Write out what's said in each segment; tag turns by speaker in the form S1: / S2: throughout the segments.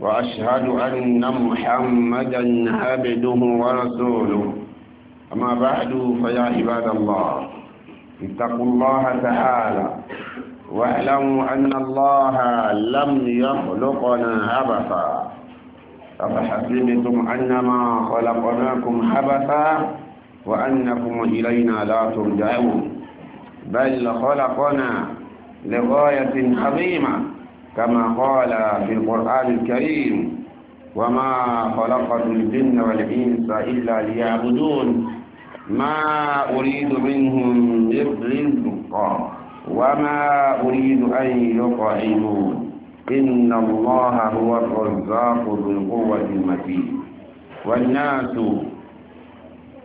S1: وأشهد أن محمدا عبده ورسوله أما بعد فيا عباد الله اتقوا الله تعالى واعلموا أن الله لم يخلقنا عبثا أفحسبتم أنما خلقناكم عبثا وأنكم إلينا لا ترجعون بل خلقنا لغاية عظيمة كما قال في القرآن الكريم وما خلقت الجن والإنس إلا ليعبدون ما أريد منهم من رزق وما أريد أن يطعمون إن الله هو الرزاق ذو القوة المتين والناس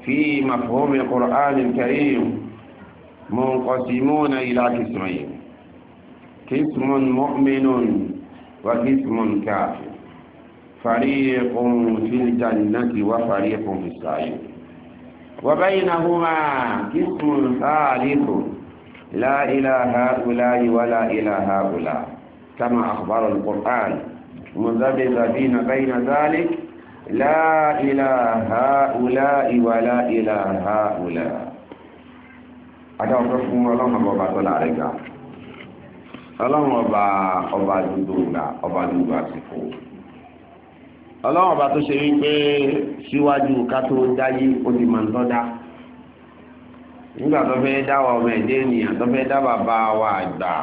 S1: في مفهوم القرآن الكريم منقسمون إلى قسمين قسم مؤمن وقسم كافر فريق في الجنة وفريق في السعير وبينهما قسم ثالث لا إلى هؤلاء ولا إلى هؤلاء كما أخبر القرآن مذبذبين بين ذلك لا إلى هؤلاء ولا إلى هؤلاء أدعو رفهم الله وبطل عليك ọlọ́run ọba ọba dúdú ọ̀gá ọba dúdú àsìkò ọlọ́run ọba tó ṣe wípé síwájú ká tó dáyé ó ti máa ń tọ́dá nígbà tó fẹ́ dá wa ọmọ ẹ̀dẹ́ ènìyàn tó fẹ́ dá bàbá wa àgbà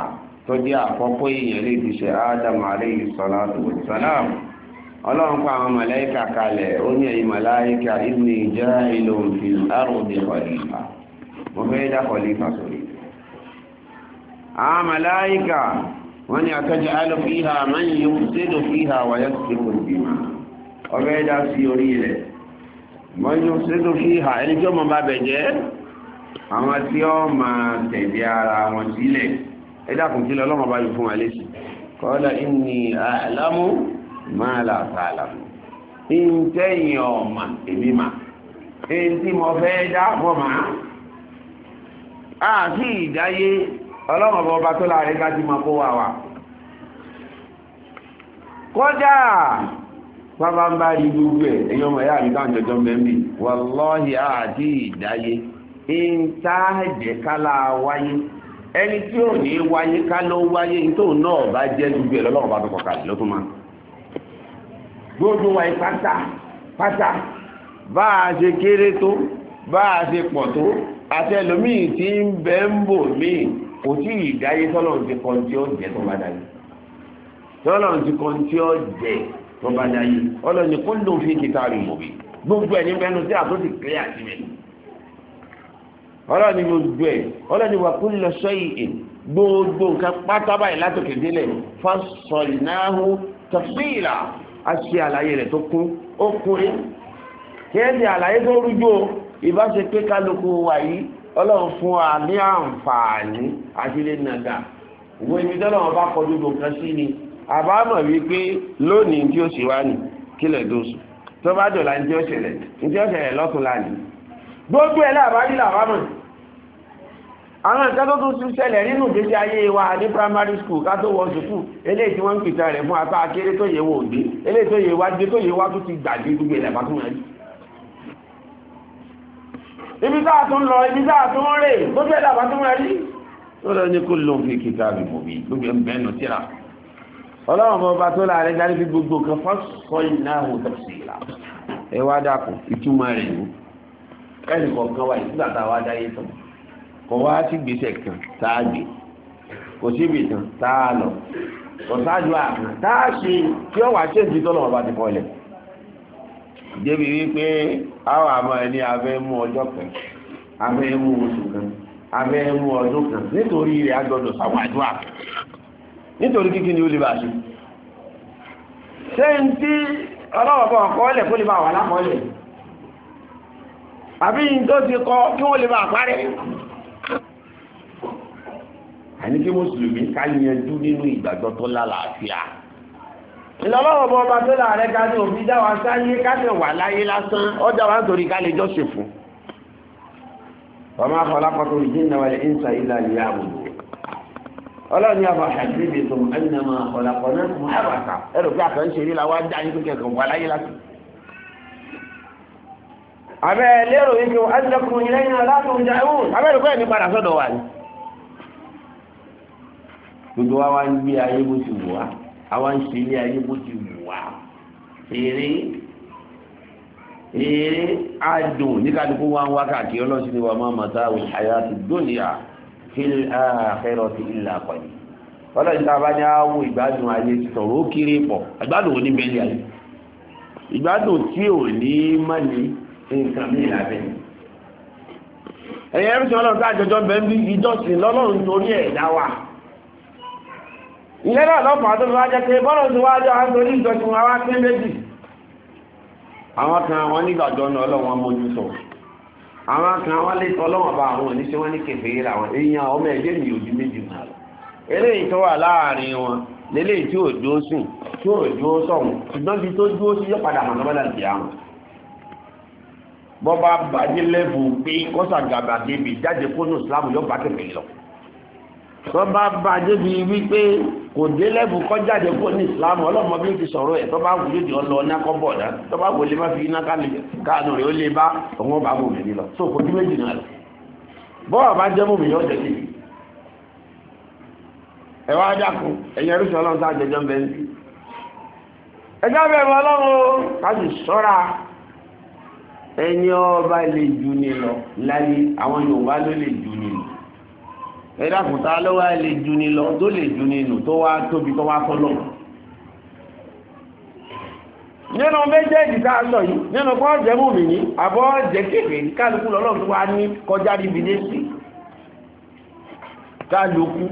S1: tó jẹ́ àkọ́kọ́ èèyàn lè salatu ọlọ́run pa àwọn màláíkà kalẹ̀ ó ní ẹ̀yìn mo fẹ́ dá àwọn màláíkà wọ́n ni àtọ́jọ́ alùfíhà máa ń yíò sínú fíhà wáyé síkò ìgbìmọ̀ ọbẹ̀ dá sí orí rẹ̀ wọ́n yíò sínú fíhà ẹni tí ó mọ̀ bá bẹ̀ jẹ́ àwọn tí ó máa tẹ̀lé ara wọn sílẹ̀ ẹ dákun sílẹ̀ ọlọ́mọ bá yìí ọlọ́run ọba ọba tó láàrin ká ti kó wà wà kódà bàbá ń bá rí gbogbo ẹ̀ èyàn ọmọ ẹ̀yà àríkà jọjọ wà wàlọ́hì àti ìdáyé ń kálá wáyé ẹni tí ò ní wáyé náà bá jẹ́ gbogbo ẹ̀ lọ́lọ́run tó kọ̀ọ̀kan máa gbogbo wáyé pátá pátá bá a ṣe kéré tó bá a ṣe pọ̀ tó kò tí ì dáyé tọ́lọ́run ti kọ́ tí ó jẹ tó bá dáyé tọ́lọ́run ti kọ́ tí ó jẹ tó bá dáyé ọlọ́ni kó ló ń fi kíta rí mọ̀ bí gbogbo ẹ̀ ní mẹ́nu tí àtúntì kílẹ̀ àti mẹ́nu ọlọ́ni gbogbo ẹ̀ ọlọ́ni wà kó lọ sọ́yìn gbogbo nǹkan pátá báyìí látòkè délẹ̀ fásọ̀nàhù tafsila a ṣe àlàyé rẹ̀ tó kún ó kúrin kí ẹ ṣe àlàyé tó rújú ìbáṣepé kálukú wa yìí ọlọ́run fún wa ní àǹfààní àti lè nàgà ìwé ibi tọ́lọ́run bá kọjú gbogbo sí ni àbámọ̀ wípé lónìí tí ó sì wá ní kílẹ̀ tó sùn tó bá dọ̀la ní tí ó ṣẹlẹ̀ ní tí ó ṣẹlẹ̀ lọ́tún lánìí gbogbo ẹ̀ láàbárí làbámọ̀ àwọn nǹkan tó tún ṣẹlẹ̀ nínú ìgbésí ayé wa ní primary school ká tó wọ sùkúù eléyìí tí wọ́n ń pìtàn rẹ̀ fún apá akéré tó yẹ wò dé eléyìí tó yẹ wá dé tó yẹ wá tó ti gbàgbé gbogbo ìlàbá tó wọ́n rí ibi táà tún lọ ibi táà tún rè gbogbo ẹ̀dà bá tún rẹ̀ rí lọ́dọ̀ ní kó lóun fi kíkà bí mo bí gbogbo ẹ̀mẹ́ nù tíra ọlọ́run bọ́ bá tó láàrin dárí fi gbogbo kan fásitì iná àwọn tẹ̀sí ìlà ẹ wá dàpọ̀ ìtumọ̀ rẹ̀ ló ẹnì a wá dáyé tán kò wá sí gbèsè kan tá a gbé kò síbi tán tá a lọ kò sáájú àkàn tá a ṣe kí ọ wá ṣèǹtì tọ́lọ́mọba ti kọ́ ilẹ̀ débi wípé àwọn àmọ́ ẹni abẹ́ mú ọjọ́ kan abẹ́ mú oṣù kan abẹ́ mú ọdún kan nítorí rẹ̀ agbọ́dọ̀ nítorí kíkí ni ó lè bá ṣe ṣé ń tí ọlọ́wọ́ bọ̀ kọ́ọ́lẹ̀ kó lè bá wà àbí ti kọ kí wọ́n lè bá parẹ́ àní kí mùsùlùmí ká nínú ìgbàgbọ́ tó lálàáfíà. ìlọ́lọ́wọ́ bọ́ ọba tó láàrẹ́ ká ní òbí dá wa sáyé káṣẹ̀ wà láyé lásán ọjà wa ń torí ká lè jọ́sìn fún. ọmọ afọlápọ̀tò ìjìnà wà lè ń sa ilà ìyá àbùdó ọlọ́ni àbá àṣàkíyèsí tó ẹnìyàmọ̀ ọ̀làpọ̀ náà mú àbàtà ẹ̀rọ pé àkàn ń ṣeré la wá dá yín kékeré kan wà láyé lásán. abẹ́ lérò yìí kò ẹnìyàkùnrin lẹ́yìn aláàtúndì ẹ̀hún abẹ́ rẹ̀ pé ẹni padà sọ́dọ̀ wà ní. gbogbo wa wá ń gbé ayé bó ti wù wá àwa ń ṣe ilé ayé bó ti wù wá eré eré adùn ní kálukú wá ń wá káàkiri ọlọ́sìn ni wà máa mọ̀tá àwọn àyà ti dóníyà fíl àkẹrọ ti ilà pẹ̀lú ọlọ́sìn tá a bá ní àwọ ìgbádùn ayé sọ̀rọ̀ ó kéré pọ̀ ìgbádùn òní bẹ́ẹ̀ ayé ìgbádùn tí ò ní mọ́ni nǹkan mi lábẹ́ ẹ̀yẹ́ ẹ̀rù tí ọlọ́run tá àjọjọ́ bẹ́ẹ̀ bí ìjọsìn lọ́lọ́run torí ẹ̀dá wa ìlẹ́nà lọ́pàá tó wá jẹ́ pé bọ́rọ̀ tó wá jọ àwọn orí ìjọ tí wọ́n wá pín méjì àwọn kan àwọn nígbàjọ́ náà ọlọ́wọ́n mójú sọ àwọn kan wọ́n lè tọ́ lọ́wọ́n bá àwọn oníṣẹ́ wọ́n ní kẹfẹ́ ra wọn èèyàn ọmọ ẹgbẹ́ mi òjú méjì náà lọ eléyìí tó wà láàrin wọn lélẹ́yìí tí ò dúró sùn tí ò dúró sọ̀hún ṣùgbọ́n bí tó dúró sí yóò padà mọ̀ lọ́dà àwọn bọ́ bàjẹ́ lẹ́bù pé kọ́sàgàbà débi jáde kónú ìsìlámù yóò bá kẹfẹ́ lọ tó bá bá débi wípé kò dé lẹ́bù kọjáde kó ní Islam ọlọ́mọ bí ó ti sọ̀rọ̀ ẹ̀ tó bá wù lóde ọlọ ọ̀nà kọ́ bọ̀ dá tó bá wù lè má fi iná káàdùn rẹ̀ ó lè bá òun bá wù mí lọ tó fojú méjì náà lọ bọ́ọ̀ bá jẹ́ mú mi yọ́ jẹ́ kiri ẹwà ajákun ẹ̀yẹ rúṣọ ọlọ́run tá àjẹjọ́ ń bẹ ń bí ẹjọ́ bẹ̀rù ọlọ́run káàdì sọ́ra ẹni ọba lè jù ní lọ láyé àwọn Yorùbá ló lè jù ní lọ ẹ̀dàkùn ta ló wá lè ju ni lọ tó lè ju ni nù tó wá tóbi tó wá fọlọ. nínú méjèèjì tá a sọ yìí nínú kọ́ jẹ́ mú mi ní àbọ̀ jẹ́ kéfè ní kálukú lọ́lọ́ tó wá ní kọjá níbi dé sí. kálukú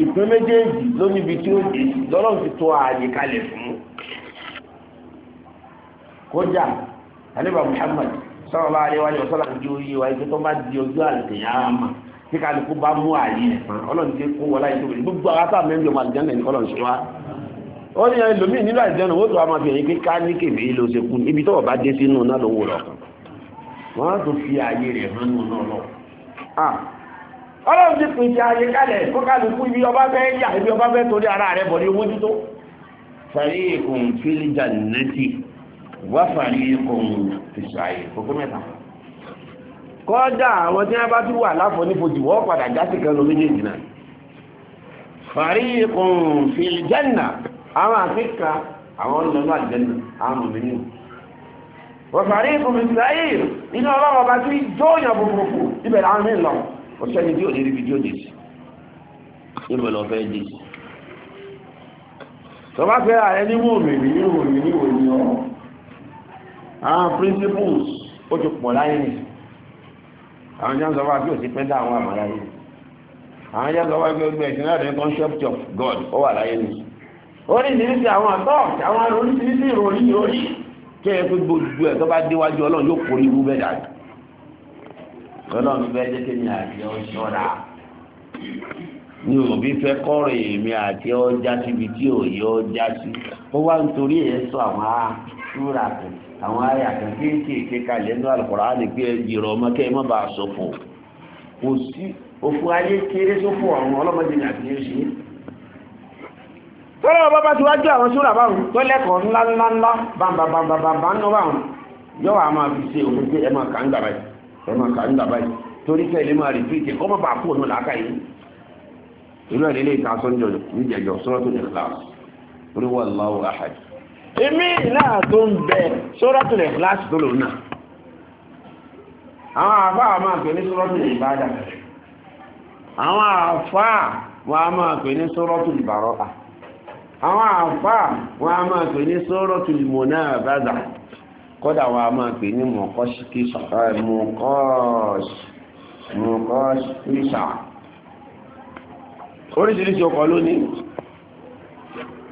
S1: ìpín méjèèjì ló níbi tí ó dé lọ́lọ́ ti tó ààyè kalẹ̀ fún. kódà alẹ́ bá Muhammad sallallahu alaihi wa sallam ju iye wa tó bá di ojú àlùkè yàrá máa tí kálukú bá mú ààyè ẹ̀fọn ọlọ́run ti kó wọlá yìí tó bẹ̀rẹ̀ gbogbo àwọn sáà mẹ́rin ọmọ àlùjáde ní ọlọ́run ṣe wá ó ní ẹlòmíì nínú àlùjáde wọ́n tó wá máa fi ẹ̀yìn pé ká ní kèmí ló ṣe kú ibi tọ́wọ́ bá dé sínú náà ló wò lọ wọ́n á tó fi ààyè rẹ̀ hàn nù náà lọ. ọlọ́run ti pín ti ààyè kalẹ̀ kó kálukú ibi ọba fẹ́ yà ibi ọba fẹ́ torí ara rẹ̀ bọ̀ ní mójútó kọ́dà àwọn tí wọ́n bá tún wà láfọ́ nífojì wọ́n padà jásì kan lọ méjèèjì náà fariqun fil janna àwọn àfíkà àwọn ọlọ́lọ́ àjẹ́nà àwọn mọ̀mìnì wọ́n fariqun fil sa'ir inú ọlọ́wọ́ bá tí jóòyàn búburú ibẹ̀ láwọn mí lọ ọ̀sẹ́ni tí ò ní ríbi jóòjì sí ibẹ̀ lọ fẹ́ jì tó bá fẹ́ ààrẹ ní mọ̀mìnì ní mọ̀mìnì òní ọ̀ àwọn principles ó ti pọ̀ láyé nìyí àwọn jẹ́ ń sọ wá bí ò sí pẹ́ dá àwọn àmàlà yìí àwọn jẹ́ ń sọ wá bí ọgbẹ́ ìsinmi àti concept of God ó wà láyé ní oríṣiríṣi àwọn àtọ́ọ̀kì àwọn oríṣiríṣi ìròyìn orí kí ẹ fi gbogbo ẹ̀ tó bá déwájú ọlọ́run yóò kórè irú bẹ́ẹ̀ dàdú ọlọ́run bẹ́ẹ̀ jẹ́ kémi àti ọ̀ṣọ́ra ni òbí fẹ́ kọ́rọ̀ èmi àti ọjà síbi tí òye ọjà sí ó wá nítorí ẹ̀ sọ àwọn àṣúra kẹ̀kẹ́ àwọn àyà kan keke kalẹ̀ nínú Al-Kùránì pé ọmọ kẹ́ ẹ má bàa ṣòfò kò sí òfò ayé kéré ṣòfò àwọn ọlọ́mọdé ní àti yóò ṣe é. tọ́lá bàbá tí wájú àwọn sóra báwọn tó lẹ́kọ̀ọ́ ńlá ńlá bàbà bàbà a máa fi ṣe òfin pé ẹ máa kà ń ẹ máa máa rí kọ́ èmi náà tó ń bẹ sórọ́tìlẹ̀ fúláṣì tó lòun náà àwọn àfáà máa pè ní sórọ́tìlẹ̀ ìbádà àwọn àfáà wọ́n a máa pè ní sórọ́tìlẹ̀ ìbárọ́ta àwọn àfáà wọ́n a máa pè ní sórọ́tìlẹ̀ mọ̀nàbádà kódà wọ́n a máa pè ní mọ̀kọ́ṣíkíṣà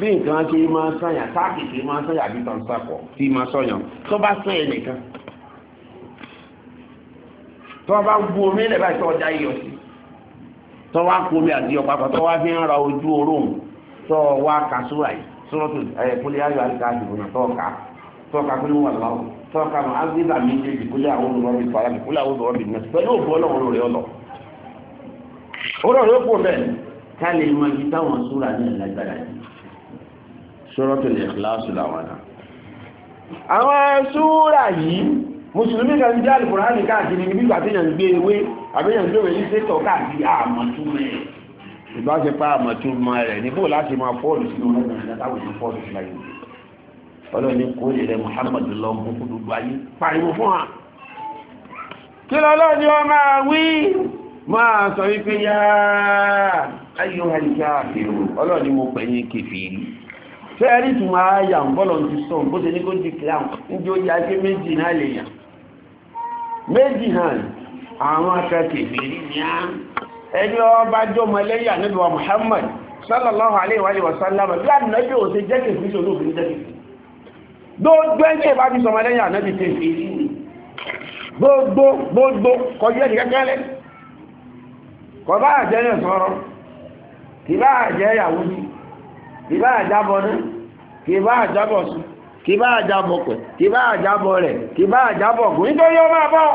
S1: bí nǹkan ṣe máa sànyà táàkì ṣe máa sànyà bí tàn sàkọ̀ tí máa sọ̀yàn tó bá sàn ẹ̀ nìkan tó bá gbú omi ilẹ̀ báyìí tó ọjà iyọ̀ sí tó wá kú omi àti ọ̀pá tó wá fi ń ra ojú oróm tó wá ka sóra yìí sọ́rọ́ tó ẹ̀ kúlẹ̀ ayọ̀ àti káàdì ìbùnà tó ọ̀ka tó ọ̀ka kúlẹ̀ wà láwọ̀ tó ọ̀ka mọ̀ ágbéra mi ṣe jì kúlẹ̀ àwọn olùrọ̀ mi fara mi kúlẹ̀ àwọn olùrọ̀ mi pẹ̀lú òkú ọlọ́run rẹ̀ ọlọ́ ọlọ́run ó kú bẹ́ẹ̀ ká lè mọ ibi táwọn sóra ní ìlàgbára yìí Suratul Ikhlas làwọn náà àwọn súúrà yìí mùsùlùmí kan jẹ́ alìkùránì káàkiri ní bígbà gbé ewé àbíyàn lóòrè ní sétọ̀ káàkiri àmọ̀túnmọ̀ rẹ̀ ní láti máa fọ́ọ̀lù sínú ọlọ́ni kó sọ wípé yáà ayé wọn ọlọ́ni mo pẹ̀yìn kèfèrí fẹ́ẹ̀rí tún máa yà ń bọ́lọ̀ ti sọ bó ṣe ní kó di clown níbi ó yá pé méjì náà lè yà méjì náà àwọn akẹ́kẹ̀ẹ́ ìrírí ni á ẹni ọba jọmọ lẹ́yà níbi wa Muhammad sallallahu alaihi wa sallam bí ànábì ò ṣe jẹ́kẹ̀ fi ṣòro òfin jẹ́kẹ̀ gbogbo ẹ̀jẹ̀ bá ti sọmọ lẹ́yà ànábì ṣe fi rí ni gbogbo gbogbo kọjú ẹ̀jẹ̀ kẹ́kẹ́ lẹ́ kọ bá àjẹ́ yẹn sọ̀rọ̀ kì yàwó bíi kì bá àjábọ̀ náà kì bá àjábọ̀ sùn kì bá àjábọ̀ pẹ̀ kì bá àjábọ̀ rẹ̀ kì bá àjábọ̀ gùn nítorí ó máa bọ̀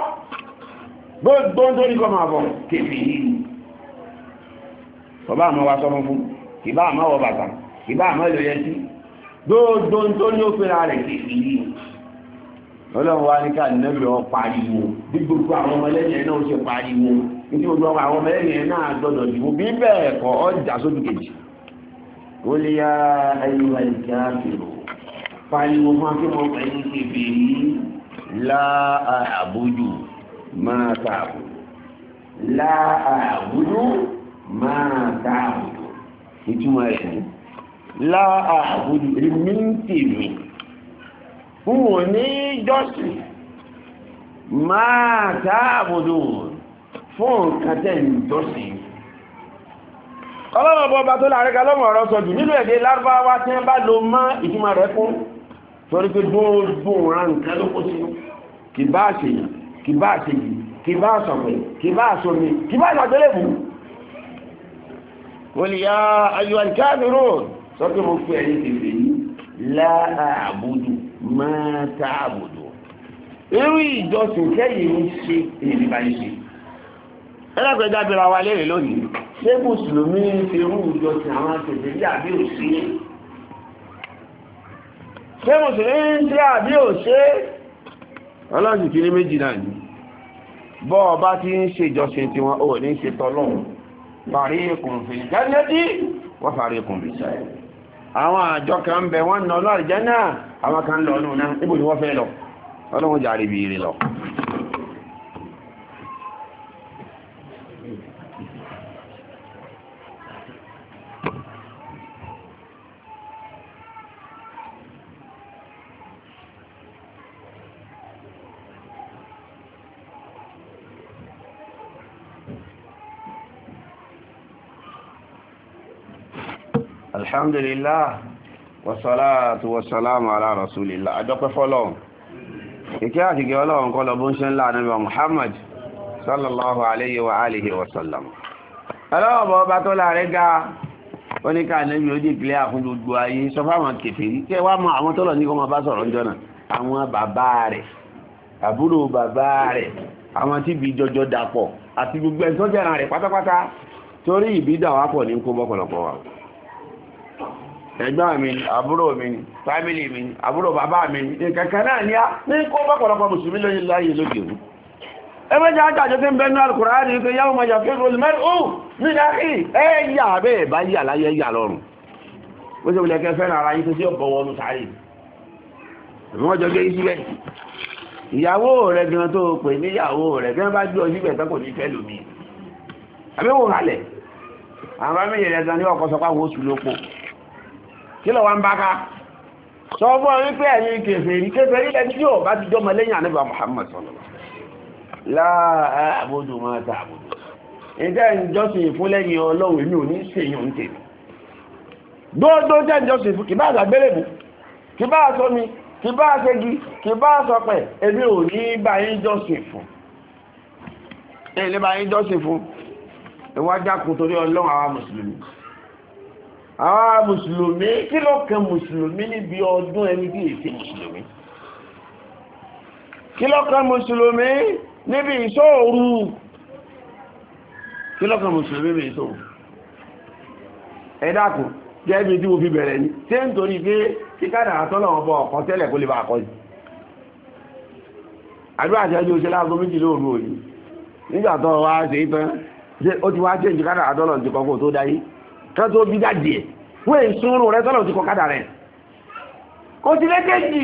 S1: gbogbo nítorí kọ máa bọ̀ kèfì yìí bàbá àmọ́ wa sọmọ fún kì bá àmọ́ wọ bàtà kì bá àmọ́ ìlòyẹ sí gbogbo nítorí ó fẹ́ra rẹ̀ kèfì ọlọ́run wa ní ká nẹ́bí ọ pariwo bí gbogbo àwọn ọmọlẹ́yìn قل يا أيها الكافرون فعلموا ما في موقعين فيه لا أعبد ما تعبد لا أعبد ما تعبد ìtumọ̀ ẹ̀sìn láàbùdù rìmíntì mi fún wọn ní jọ́sì máa tààbùdù fún nǹkan ọlọ́run ọba ọba tó láàrin kalọ́mọ̀ ọ̀rọ̀ sọ̀jù nínú èdè lárúbáwá tí wọ́n bá lo mọ́ ìtumọ̀ rẹ̀ fún torí pé dúnrún ra nǹkan ló kó sínú kì bá àṣèyàn kì bá àṣèyí kì bá àṣọ̀pẹ̀ kì bá àṣọmi kì bá àṣàgbélébù olùyà ayò àìkáàdúró sọ pé mo fẹ́ ẹni tètè yìí láàbùdù máa tààbùdù irú ìjọsìn kẹ́yìn ń ṣe èdè báyìí ẹlẹ́pẹ̀ dábìra wa lérè lónìí ṣé mùsùlùmí fi rú ìjọ sí àwọn àtẹ̀lẹ́ bí àbí ò sí ṣé mùsùlùmí tí àbí ò ṣe ọlọ́sìn kí ní méjì náà ní bọ́ ọba tí ń ṣe ìjọsìn tí wọn ò ní ṣe tọ́lọ́run fàrí ikùn fìlì jẹ́nẹ́tì wọ́n fàrí ikùn fìlì sáyẹ̀ àwọn àjọ kan ń bẹ wọ́n ń lọ lọ́rìí jẹ́ náà àwọn kan alhamdulillah wasalatu wasalamu ala rasulillah adọ́pẹ́ fọ́lọ́run ìkẹ́ àtìkẹ́ ọlọ́run kọ́ lọ bó ń ṣe ńlá nígbà muhammad sallallahu alayhi wa alihi wa sallam ọlọ́run bọ́ bá tó láàrẹ́ ga oníkà níbi ó dìgbìlẹ̀ àfún gbogbo ayé sọ fáwọn kèfèrí kẹ́ wá mọ àwọn tọ́lọ̀ ní kọ́ máa bá sọ̀rọ̀ ńjọ́ náà àwọn bàbá rẹ̀ àbúrò bàbá rẹ̀ àwọn ẹ̀gbọ́n mi àbúrò mi fámílì mi àbúrò bàbá mi ìkẹ̀kẹ̀ náà ní a ní kó bọ́pọ̀lọpọ̀ mùsùlùmí lóyí láyé lóde òun ẹgbẹ́jẹ́ ajájọ́ tí ń bẹ́nu alukùránì ní pé yàwó mọ̀jà fẹ́ rosemary ó ní láì ẹ̀yà bẹ́ẹ̀ bá yà láyé yà lọ́rùn ó sì wùlẹ̀ kẹfẹ́ ara yìí tó sí ọ̀bọ̀ wọnú sáré wọ́n jọ gbé síbẹ̀ ìyàwó rẹ̀ gan tó pè níyàwó rẹ̀ gan bá gbé ọ síbẹ̀ tó kò ní fẹ́ lómi àbẹ́wò halẹ̀ àwọn mẹ́yẹ̀rẹ̀ gan ní ọkọ̀ sọpá wo sùn lóko kí lọ wá ń bá ká sọ fún ọ wípé ẹ̀yin kèfèrí kèfèrí lẹ́ni tí ò bá ti jọmọ lẹ́yìn àníbà Muhammad sallallahu láàá àbójú máa ta àbójú ìjẹ́ ìjọsìn fún lẹ́yìn Ọlọ́run èmi ò ní ṣèyàn tèmi dóódó jẹ́ ìjọsìn fún kìbá àgbélébù kìbá àsọmi kìbá àṣẹgi kìbá àsọpẹ̀ èmi ò ní bá yín jọsìn fún èmi bá yín jọsìn fún ìwájá kù torí Ọlọ́run àwa mùsùlùmí àwọn mùsùlùmí kí ló kan mùsùlùmí níbi ọdún ẹni bí èsì mùsùlùmí kí ló kan mùsùlùmí níbi ìṣòru kí ló kan mùsùlùmí níbi ìṣòru ẹ dákun jẹ́bi tí mo fi bẹ̀rẹ̀ ní tí ń torí pé kí kádà àtọ́lọ́wọ́ bọ ọ̀kan tẹ́lẹ̀ kó lè bá àkọ́jù àdúrà tí ẹjọ́ òṣèlú aago méjì lóòrùn òní nígbà tó wá ṣe é tán ó ti kan tó bí jáde ẹ̀ wọ́n èyí súnrù rẹ tọ́lọ̀ ti kọ̀kadà rẹ̀ kò sí lẹ́kẹ́jì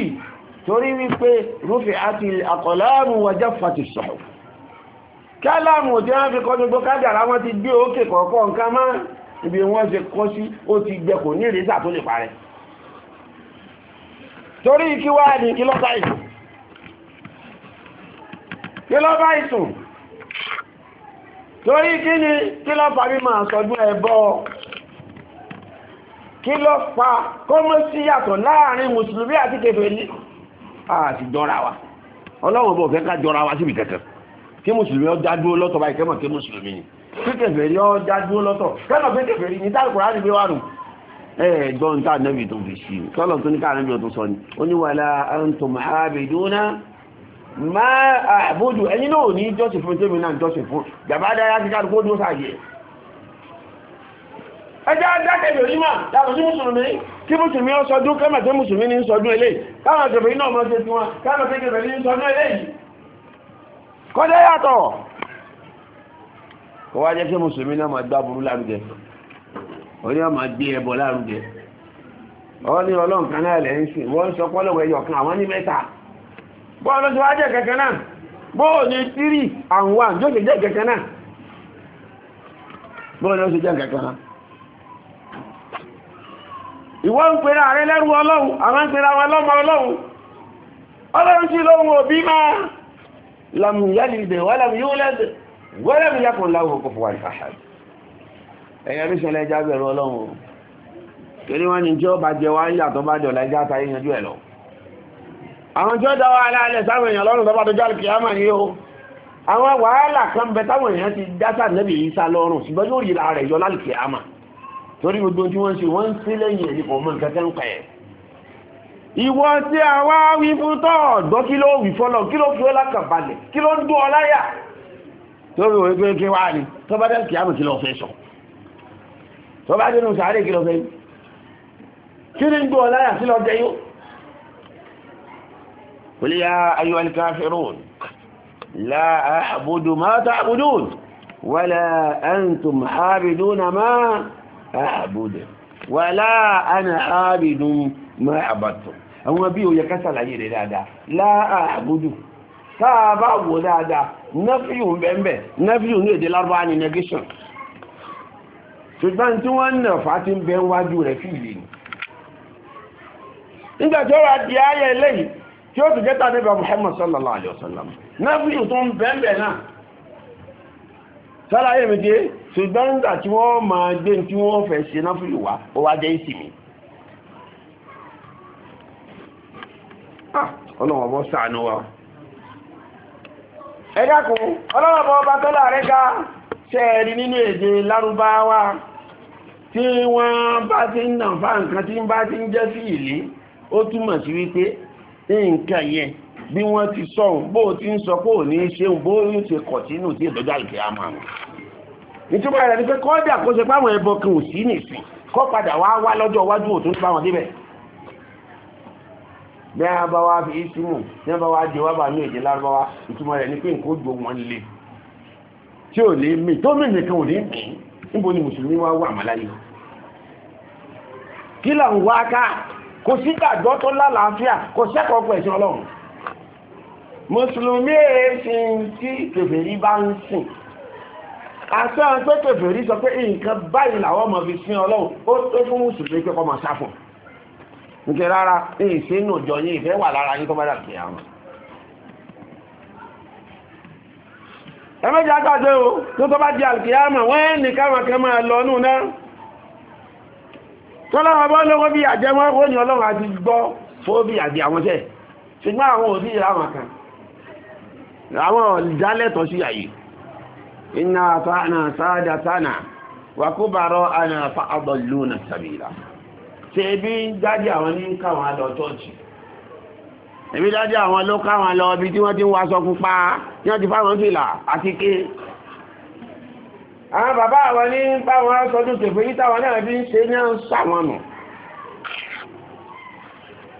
S1: torí wípé rúfẹ́ àti àkọ̀láàmù wàjá fàtì sọ̀rọ̀ káláàmù tí wọ́n fi kọjú gbọ́ kádàrá wọ́n ti gbé òkè kọ̀ọ̀kọ́ nǹkan máa ibi wọ́n ṣe kọ́ sí ó ti gbẹ kò ní ìrísà tó lè parẹ́ torí kí wá ní kí lọ́bá ìsùn kí lọ́bá ìsùn torí kí ni kí lọ́bá mi máa sọdún ẹbọ kí ló fa kọ́mọ́ sí yàtọ̀ láàrin mùsùlùmí àti kèfèrí àti jọra wa ọlọ́run bọ̀ fẹ́ ká jọra wa síbi kẹ̀kẹ́ kí mùsùlùmí ó dádúró lọ́tọ̀ báyìí kẹ́mọ̀ kí mùsùlùmí ni kí kèfèrí ó dádúró lọ́tọ̀ kẹ́mọ̀ pé kèfèrí ni dálùkùrá ní bí wà nù ẹ̀ẹ́dọ́n tá nẹ́bì tó fi sí tọ́lọ̀ tó ní ká nẹ́bì tó sọ ni ó ní wàlá antum abiduna máa àbójú ẹ̀yin náà ní jọ́sìn fún tèmi náà jọ́sìn fún jàbá dáyá ti ká ẹjẹ́ dákẹ̀bẹ̀ onímọ̀ yàtọ̀ sí mùsùlùmí kí mùsùlùmí ó sọdún kẹ́mẹ̀ tó mùsùlùmí ní sọdún ilé káwọn kẹfẹ̀ iná ọmọ ṣe tí wọn káwọn kẹfẹ̀ ní sọdún ilé yìí kọjá yàtọ̀ kọ wá jẹ́ kí mùsùlùmí náà ọlọ́run kan náà lẹ́yìn sí wọ́n sọ pọ́lọ́wọ́ ẹyọ kan àwọn ní mẹ́ta bọ́ọ̀ lọ́sọ wájẹ́ kẹ̀kẹ́ náà bóò ní tírì àwọn àjọ́kẹ̀jẹ́ kẹ̀kẹ́ náà bóò ní ó jẹ́ kẹ̀kẹ́ náà ìwọ ń pèrè ààrẹ lẹ́rù ọlọ́run àwọn ń pèrè àwọn ọlọ́mọ ọlọ́run ọlọ́run sí lóhun òbí máa lamu yálìdẹ̀ wọ́lẹ̀mù yóò lẹ́dẹ̀ wọ́lẹ̀mù yàkùn láwọn òkú fún wa ní fàṣàd ẹ̀yẹ rí ṣẹlẹ̀ ẹja bẹ̀rù ọlọ́run torí wọ́n ni jọ́ bá jẹ wá ń yàtọ̀ bá jọ lájá ta yanjú ẹ̀ lọ àwọn jọ́ wàhálà kan bẹ táwọn èèyàn ti dá sáà nẹ́bì lọ́rùn ṣùgbọ́n yóò yìí la rẹ̀ yọ lálùkìámà torí gbogbo tí wọ́n ṣe wọ́n ń sí lẹ́yìn ẹ̀yìn ọmọ ìkẹta ń pẹ̀ ìwọ tí a wá wí fún tọ́ọ̀dọ́ kí ló wí fọ́lọ̀ kí ló fi ó lákàbalẹ̀ kí ló ń dún ọláyà torí wọ́n pé kí wá ní tó bá dẹ́ kìámù kí lọ fẹ́ Ah, àbúdẹ̀ wà láàánà ààbìdún mọ́ àbàtọ̀ àwọn bí o yẹ ká ṣàlàyé rẹ̀ dáadáa láàbùdù táà bá wò dáadáa nẹ́fíù bẹ́ẹ̀bẹ̀ nẹ́fíù ní èdè lárúbá ní negation ṣùgbọ́n tí wọ́n nà fà ti ń bẹ wájú rẹ̀ fìlì ni nígbà tí ó di ayẹ eléyìí tí ó tún jẹ́ta níbà Muhammad sallallahu alayhi wa sallam tó ń bẹ́ẹ̀bẹ̀ náà sálàyé mi dé ṣùgbọ́n nígbà tí wọ́n máa gbé tí wọ́n fẹ́ ṣe náà fìlú wá ó wá jẹ́ ìsìnmi ah, ọlọ́wọ́ sàánú wa ẹ dákun bá ṣẹ́ẹ̀rí nínú èdè lárúbáwá tí wọ́n bá ti ń nàfà nǹkan tí ń bá ti ń jẹ́ sí ìlé ó sí wípé nǹkan yẹn bí wọ́n ti sọ òun bó ti ń sọ pé òní ṣe òun bó ń ṣe kọ̀tínú tí ìdọ́jà ìpè àmọ́ àwọn. nítorí rẹ̀ ni pé kọ́dà kó ṣe páwọn ẹbọ kan ò sí nìsín kọ́ padà wá wá lọ́jọ́ iwájú òtún tó báwọn débẹ̀. bí a bá wá fi ísímù bí a bá wá jẹ wá bá ní èdè lárúbáwá ìtumọ̀ rẹ̀ ni pé nǹkan ó jọ wọn le tí ò ní mì tó mì nìkan ò ní mì níbo ni mùsùlùmí wá wà màláyé kí là wá ká kò sí gbàgbọ́ tó lálàáfíà kò sẹ́kọ̀ọ́ pẹ̀sìn ọlọ́run mùsùlùmí èé fi ń tí kèfèrí bá ń sìn àṣà pé kèfèrí sọ pé nǹkan báyìí làwọn ọmọ fi sin ọlọ́run ó tó fún mùsùlùmí pé kọ́ máa sá fún nítorí rárá èsè nù jọ yín ìfẹ́ wà lára yín tó bá dàbí àwọn. ẹmẹ́jì àgbàjẹ́ o tó tó bá di alkiyama wọ́n ní káàmàkẹ́ máa lọ ní ọ̀nà tó bọ́ lọ́wọ́ bí àjẹmọ́ ó ní ọlọ́run àti gbọ́ fóóbí àti àwọn tẹ́ ṣùgbọ́n àwọn òsì ìlàmàkan àwọn ìdálẹ́tọ̀ sí àyè iná sáànà sáàdà sáànà wàkúbàrọ̀ àna fàádọ̀ lónà sàbìlà ṣe bí dájí àwọn ní káwọn lọ tọ́ọ̀tì ẹ̀bí dájí àwọn ló káwọn lọ bí tí wọ́n ti ń wá sọkún pa tí wọ́n ti fáwọn fìlà àti ké àwọn bàbá àwọn ní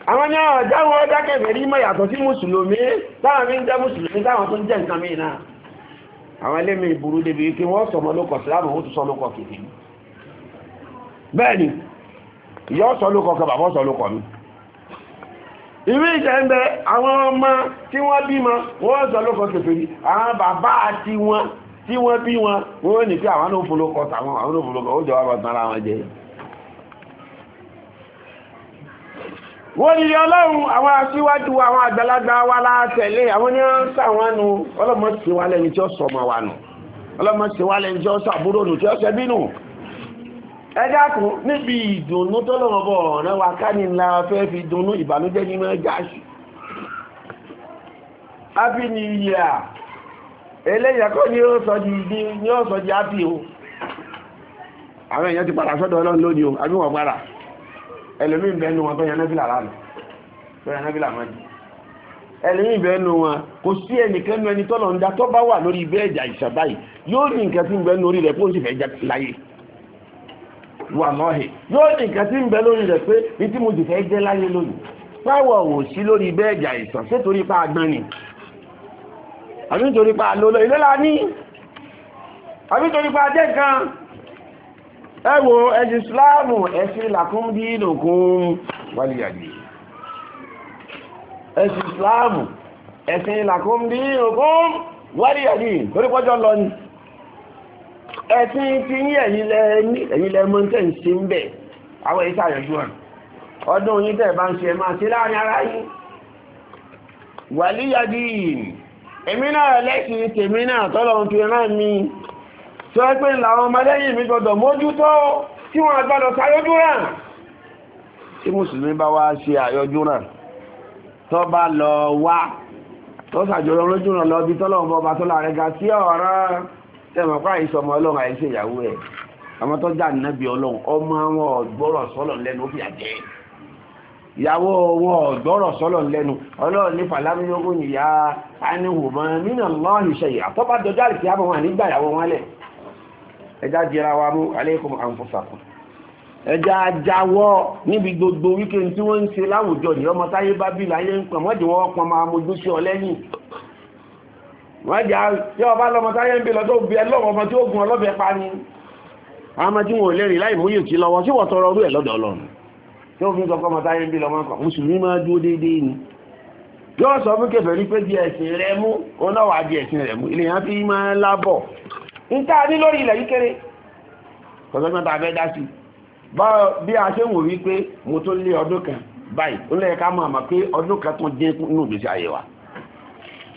S1: àwọn ní àwọn jáwọn ọjá kẹfẹ̀rí mọ̀ yàtọ̀ sí mùsùlùmí táwọn mi ń jẹ́ mùsùlùmí táwọn tó ń jẹ́ nǹkan mìí náà àwọn ẹlẹ́mì ìbúrú débi wípé wọ́n sọmọ lókọ̀ síláàmù ó tún sọ sọ lókọ̀ kan mi ìwé ìjẹ́ ń bẹ àwọn ọmọ tí wọ́n bímọ wọ́n sọ lókọ̀ kẹfẹ̀rí àwọn bàbá àti wọn tí wọ́n bí wọn wọ́n ní pé àwọn ló wọ́n ni ọlọ́run àwọn aṣíwájú àwọn àgbàlagbà wa látẹ̀lé àwọn ní wọ́n ọlọ́mọ ọlọ́mọ̀sí wa lẹ́yìn tí ó sọmọ wa nù ọlọ́mọ̀sí wa tí ó sàbúrò nù tí ó ṣẹbí nù ẹjá kù níbi ìdùnnú tó lọ́wọ́ bọ̀ sọ di ìdí ni ó sọ di happy o àwọn èèyàn o ẹlòmí ìbẹ́nu wọn tó yẹn nẹ́fìlà lánàá tó yẹn nẹ́fìlà mọ́jú ẹlòmí ìbẹ́nu wọn kò sí ẹnìkan ẹni tọ́lọ̀ ń da tó bá wà lórí ibẹ́ ẹ̀jà ìṣàbá yìí yóò ní nǹkan tí ń bẹ lórí rẹ̀ fóun sì fẹ́ láyé wà lọ́hìn yóò ní nǹkan tí ń bẹ lórí rẹ̀ pé ní tí mo sì fẹ́ jẹ́ láyé lónìí táwọ̀ ò sí lórí ibẹ́ ẹ̀jà ìṣàn ṣé torí pa agbọ́n ni àbí torí pa àlọ́lọ́ ilé la ní àbí torí pa ajẹ́ kan ẹ wo ẹ̀sìn islamu ẹ̀sìn waliyadi ẹ̀sìn islamu ẹ̀sìn lakum waliyadi torí pọ́jọ́ lọ ni ẹ̀sìn tí ní ẹ̀yìn lẹ́mọ́ tẹ́ ń bẹ̀ àwọn ìṣà yẹ̀jú wọn ọdún yìí tẹ́ bá ń máa láàrin ara fi mi. tó ẹ pé làwọn ọmọlẹ́yìn mi gbọdọ̀ mójútó tí wọ́n gbọdọ̀ sáyọjú rà tí mùsùlùmí bá wá ṣe àyọjú rà tó bá lọ wá tó sàjọyọ lójú rà lọ bí tọ́lọ́wọ́ bọba tó láàrin ga sí ọ̀rọ̀ tẹ̀mọ̀pá ìsọmọ ọlọ́run ìyàwó wọn ọ̀gbọ́rọ̀ sọ́lọ̀ lẹ́nu ọlọ́run ní fàlámíyógún ìyá anihùmọ́ nínà lọ́ọ̀hìn ṣe tó bá dọjọ́ àìsí àbọ̀wọ̀n nígbà wọn lẹ̀ ẹjá jẹra wa mú alaykum anfusakum ẹjá jáwọ́ níbi gbogbo wíkẹ́ tí wọ́n ń ṣe láwùjọ yìí ọmọ táyé bá bí láyé ń pọ̀ mọ́jì wọ́n máa mojú sí ọ lẹ́yìn mọ́jì yọ ọba lọmọ táyé ń bí lọ tó ni àwọn ọmọ tí wọn ò lè rìn láì múyè kí lọ́wọ́ sí wọ́n tọrọ ọrú ẹ̀ lọ́dọ̀ ọlọ́run tí ó fi sọ fọmọ táyé ń bí lọmọ kan mùsùlùmí máa dúró déédéé ni yóò sọ fún kẹfẹ́ rí pé di ẹ̀sìn rẹ mú ọ náà wà di ẹ̀sìn rẹ mú ilé yẹn fi máa lábọ̀ ìta ní lórí ilẹ̀ yíkéré kọ̀sọ́gbọ́ta abẹ́ dá sí bí a ṣe ń wò wípé mo tó lé ọdún kan báyìí ó lẹ́ẹ̀ká mọ̀ àmà pé ọdún kan tó ìgbésí wa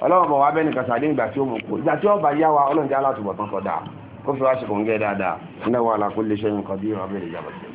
S1: ọlọ́run bọ̀ wá bẹ́ẹ̀ ni kàṣà dé ìgbà tí ó mọ̀ ìgbà tí ó bá yá wa ọlọ́run alátùbọ̀tán kódà kó fi wá ṣe wa